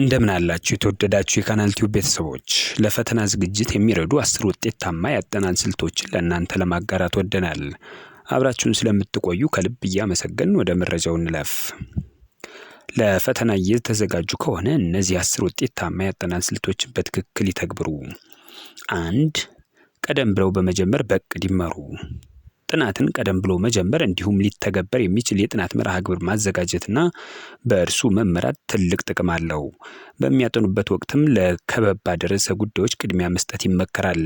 እንደምን አላችሁ የተወደዳችሁ የካናል ቲዩብ ቤተሰቦች፣ ለፈተና ዝግጅት የሚረዱ አስር ውጤታማ ያጠናን ስልቶችን ለእናንተ ለማጋራት ወደናል። አብራችሁን ስለምትቆዩ ከልብ እያመሰገን ወደ መረጃው እንለፍ። ለፈተና እየተዘጋጁ ከሆነ እነዚህ አስር ውጤታማ ያጠናን ስልቶችን በትክክል ይተግብሩ። አንድ ቀደም ብለው በመጀመር በእቅድ ይመሩ። ጥናትን ቀደም ብሎ መጀመር እንዲሁም ሊተገበር የሚችል የጥናት መርሃ ግብር ማዘጋጀትና በእርሱ መመራት ትልቅ ጥቅም አለው። በሚያጠኑበት ወቅትም ለከበባድ ርዕሰ ጉዳዮች ቅድሚያ መስጠት ይመከራል።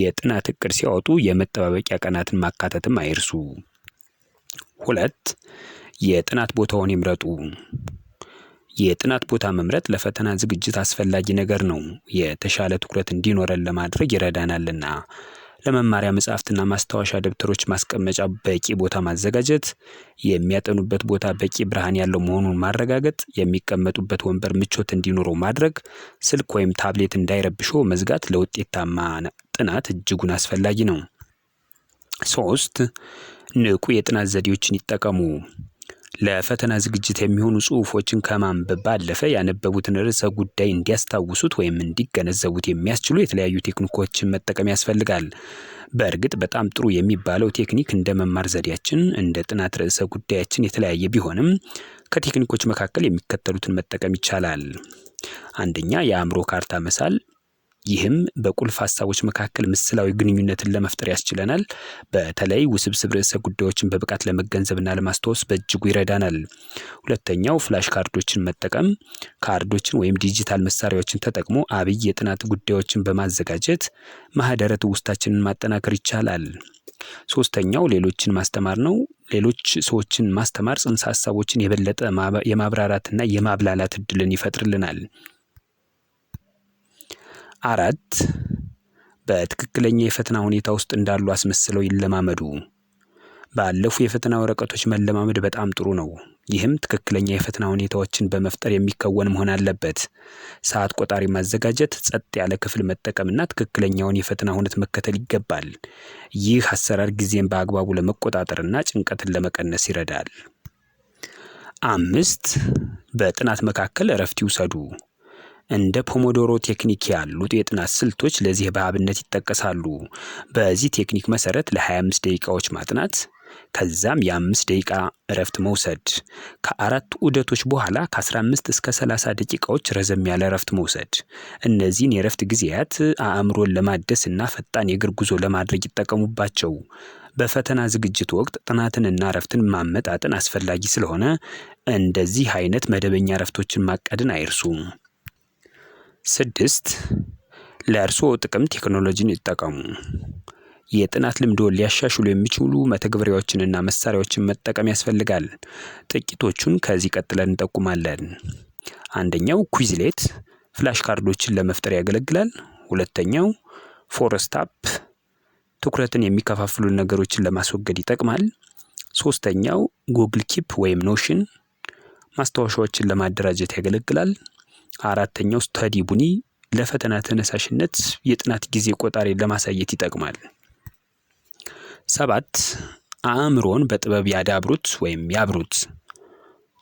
የጥናት እቅድ ሲያወጡ የመጠባበቂያ ቀናትን ማካተትም አይርሱ። ሁለት የጥናት ቦታውን ይምረጡ። የጥናት ቦታ መምረጥ ለፈተና ዝግጅት አስፈላጊ ነገር ነው። የተሻለ ትኩረት እንዲኖረን ለማድረግ ይረዳናልና ለመማሪያ መጽሐፍትና ማስታወሻ ደብተሮች ማስቀመጫ በቂ ቦታ ማዘጋጀት፣ የሚያጠኑበት ቦታ በቂ ብርሃን ያለው መሆኑን ማረጋገጥ፣ የሚቀመጡበት ወንበር ምቾት እንዲኖረው ማድረግ፣ ስልክ ወይም ታብሌት እንዳይረብሾ መዝጋት ለውጤታማ ጥናት እጅጉን አስፈላጊ ነው። ሶስት ንቁ የጥናት ዘዴዎችን ይጠቀሙ ለፈተና ዝግጅት የሚሆኑ ጽሁፎችን ከማንበብ ባለፈ ያነበቡትን ርዕሰ ጉዳይ እንዲያስታውሱት ወይም እንዲገነዘቡት የሚያስችሉ የተለያዩ ቴክኒኮችን መጠቀም ያስፈልጋል። በእርግጥ በጣም ጥሩ የሚባለው ቴክኒክ እንደ መማር ዘዴያችን እንደ ጥናት ርዕሰ ጉዳያችን የተለያየ ቢሆንም ከቴክኒኮች መካከል የሚከተሉትን መጠቀም ይቻላል። አንደኛ የአእምሮ ካርታ መሳል ይህም በቁልፍ ሀሳቦች መካከል ምስላዊ ግንኙነትን ለመፍጠር ያስችለናል። በተለይ ውስብስብ ርዕሰ ጉዳዮችን በብቃት ለመገንዘብና ለማስታወስ በእጅጉ ይረዳናል። ሁለተኛው ፍላሽ ካርዶችን መጠቀም ካርዶችን ወይም ዲጂታል መሳሪያዎችን ተጠቅሞ አብይ የጥናት ጉዳዮችን በማዘጋጀት ማህደረ ትውስታችንን ማጠናከር ይቻላል። ሶስተኛው ሌሎችን ማስተማር ነው። ሌሎች ሰዎችን ማስተማር ጽንሰ ሀሳቦችን የበለጠ የማብራራትና የማብላላት እድልን ይፈጥርልናል። አራት በትክክለኛ የፈተና ሁኔታ ውስጥ እንዳሉ አስመስለው ይለማመዱ። ባለፉ የፈተና ወረቀቶች መለማመድ በጣም ጥሩ ነው። ይህም ትክክለኛ የፈተና ሁኔታዎችን በመፍጠር የሚከወን መሆን አለበት። ሰዓት ቆጣሪ ማዘጋጀት፣ ጸጥ ያለ ክፍል መጠቀምና ትክክለኛውን የፈተና ሁነት መከተል ይገባል። ይህ አሰራር ጊዜን በአግባቡ ለመቆጣጠርና ጭንቀትን ለመቀነስ ይረዳል። አምስት በጥናት መካከል እረፍት ይውሰዱ። እንደ ፖሞዶሮ ቴክኒክ ያሉት የጥናት ስልቶች ለዚህ በአብነት ይጠቀሳሉ። በዚህ ቴክኒክ መሰረት ለ25 ደቂቃዎች ማጥናት ከዛም የአምስት ደቂቃ እረፍት መውሰድ፣ ከአራቱ ዑደቶች በኋላ ከ15 እስከ 30 ደቂቃዎች ረዘም ያለ እረፍት መውሰድ። እነዚህን የእረፍት ጊዜያት አእምሮን ለማደስ እና ፈጣን የእግር ጉዞ ለማድረግ ይጠቀሙባቸው። በፈተና ዝግጅት ወቅት ጥናትንና እረፍትን ማመጣጠን አስፈላጊ ስለሆነ እንደዚህ አይነት መደበኛ እረፍቶችን ማቀድን አይርሱም ስድስት ለእርስዎ ጥቅም ቴክኖሎጂን ይጠቀሙ። የጥናት ልምዶን ሊያሻሽሉ የሚችሉ መተግበሪያዎችንና መሳሪያዎችን መጠቀም ያስፈልጋል። ጥቂቶቹን ከዚህ ቀጥለን እንጠቁማለን። አንደኛው ኩዊዝሌት ፍላሽ ካርዶችን ለመፍጠር ያገለግላል። ሁለተኛው ፎረስት አፕ ትኩረትን የሚከፋፍሉ ነገሮችን ለማስወገድ ይጠቅማል። ሶስተኛው ጉግል ኪፕ ወይም ኖሽን ማስታወሻዎችን ለማደራጀት ያገለግላል አራተኛው ስተዲ ቡኒ ለፈተና ተነሳሽነት የጥናት ጊዜ ቆጣሪ ለማሳየት ይጠቅማል። ሰባት አእምሮን በጥበብ ያዳብሩት ወይም ያብሩት።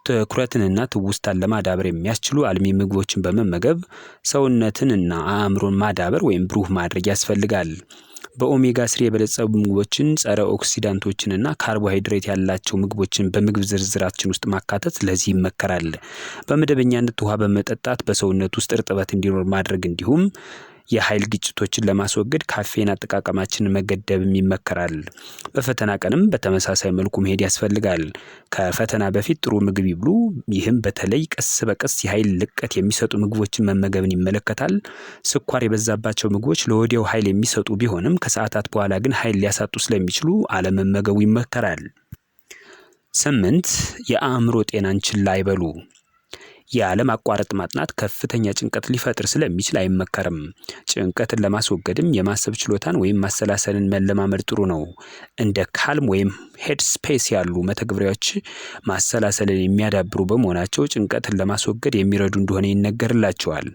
ትኩረትንና ትውስታን ለማዳበር የሚያስችሉ አልሚ ምግቦችን በመመገብ ሰውነትንና አእምሮን ማዳበር ወይም ብሩህ ማድረግ ያስፈልጋል። በኦሜጋ ስሪ የበለጸጉ ምግቦችን ጸረ ኦክሲዳንቶችን እና ካርቦሃይድሬት ያላቸው ምግቦችን በምግብ ዝርዝራችን ውስጥ ማካተት ለዚህ ይመከራል። በመደበኛነት ውሃ በመጠጣት በሰውነት ውስጥ እርጥበት እንዲኖር ማድረግ እንዲሁም የኃይል ግጭቶችን ለማስወገድ ካፌን አጠቃቀማችንን መገደብም ይመከራል። በፈተና ቀንም በተመሳሳይ መልኩ መሄድ ያስፈልጋል። ከፈተና በፊት ጥሩ ምግብ ይብሉ። ይህም በተለይ ቀስ በቀስ የኃይል ልቀት የሚሰጡ ምግቦችን መመገብን ይመለከታል። ስኳር የበዛባቸው ምግቦች ለወዲያው ኃይል የሚሰጡ ቢሆንም ከሰዓታት በኋላ ግን ኃይል ሊያሳጡ ስለሚችሉ አለመመገቡ ይመከራል። ስምንት የአእምሮ ጤናን ችላ አይበሉ ያለማቋረጥ ማጥናት ከፍተኛ ጭንቀት ሊፈጥር ስለሚችል አይመከርም። ጭንቀትን ለማስወገድም የማሰብ ችሎታን ወይም ማሰላሰልን መለማመድ ጥሩ ነው። እንደ ካልም ወይም ሄድ ስፔስ ያሉ መተግበሪያዎች ማሰላሰልን የሚያዳብሩ በመሆናቸው ጭንቀትን ለማስወገድ የሚረዱ እንደሆነ ይነገርላቸዋል።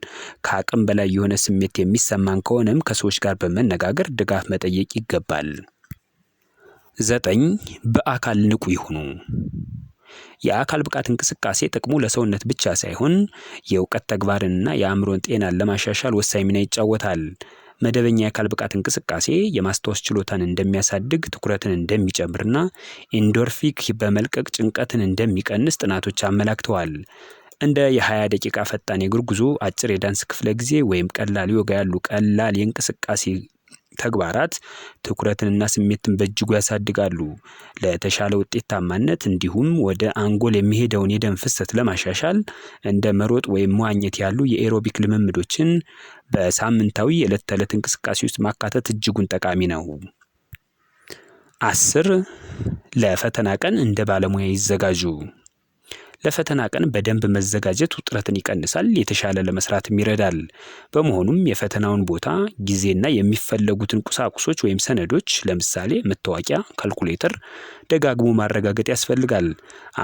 ከአቅም በላይ የሆነ ስሜት የሚሰማን ከሆነም ከሰዎች ጋር በመነጋገር ድጋፍ መጠየቅ ይገባል። ዘጠኝ በአካል ንቁ ይሁኑ የአካል ብቃት እንቅስቃሴ ጥቅሙ ለሰውነት ብቻ ሳይሆን የእውቀት ተግባርንና የአእምሮን ጤናን ለማሻሻል ወሳኝ ሚና ይጫወታል። መደበኛ የአካል ብቃት እንቅስቃሴ የማስታወስ ችሎታን እንደሚያሳድግ፣ ትኩረትን እንደሚጨምርና ኢንዶርፊክ በመልቀቅ ጭንቀትን እንደሚቀንስ ጥናቶች አመላክተዋል። እንደ የ20 ደቂቃ ፈጣን የእግር ጉዞ፣ አጭር የዳንስ ክፍለ ጊዜ ወይም ቀላል ዮጋ ያሉ ቀላል የእንቅስቃሴ ተግባራት ትኩረትንና ስሜትን በእጅጉ ያሳድጋሉ። ለተሻለ ውጤታማነት እንዲሁም ወደ አንጎል የሚሄደውን የደም ፍሰት ለማሻሻል እንደ መሮጥ ወይም መዋኘት ያሉ የኤሮቢክ ልምምዶችን በሳምንታዊ የእለት ተዕለት እንቅስቃሴ ውስጥ ማካተት እጅጉን ጠቃሚ ነው። አስር ለፈተና ቀን እንደ ባለሙያ ይዘጋጁ ለፈተና ቀን በደንብ መዘጋጀት ውጥረትን ይቀንሳል፣ የተሻለ ለመስራትም ይረዳል። በመሆኑም የፈተናውን ቦታ፣ ጊዜና የሚፈለጉትን ቁሳቁሶች ወይም ሰነዶች ለምሳሌ መታወቂያ፣ ካልኩሌተር ደጋግሞ ማረጋገጥ ያስፈልጋል።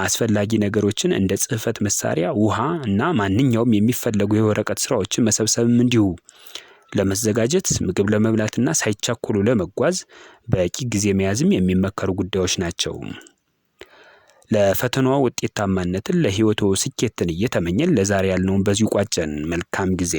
አስፈላጊ ነገሮችን እንደ ጽህፈት መሳሪያ፣ ውሃ እና ማንኛውም የሚፈለጉ የወረቀት ስራዎችን መሰብሰብም እንዲሁ። ለመዘጋጀት ምግብ ለመብላትና ሳይቻኮሉ ለመጓዝ በቂ ጊዜ መያዝም የሚመከሩ ጉዳዮች ናቸው። ለፈተናዋ ውጤታማነትን ለህይወቱ ስኬትን እየተመኘን ለዛሬ ያልነውን በዚሁ ቋጨን። መልካም ጊዜ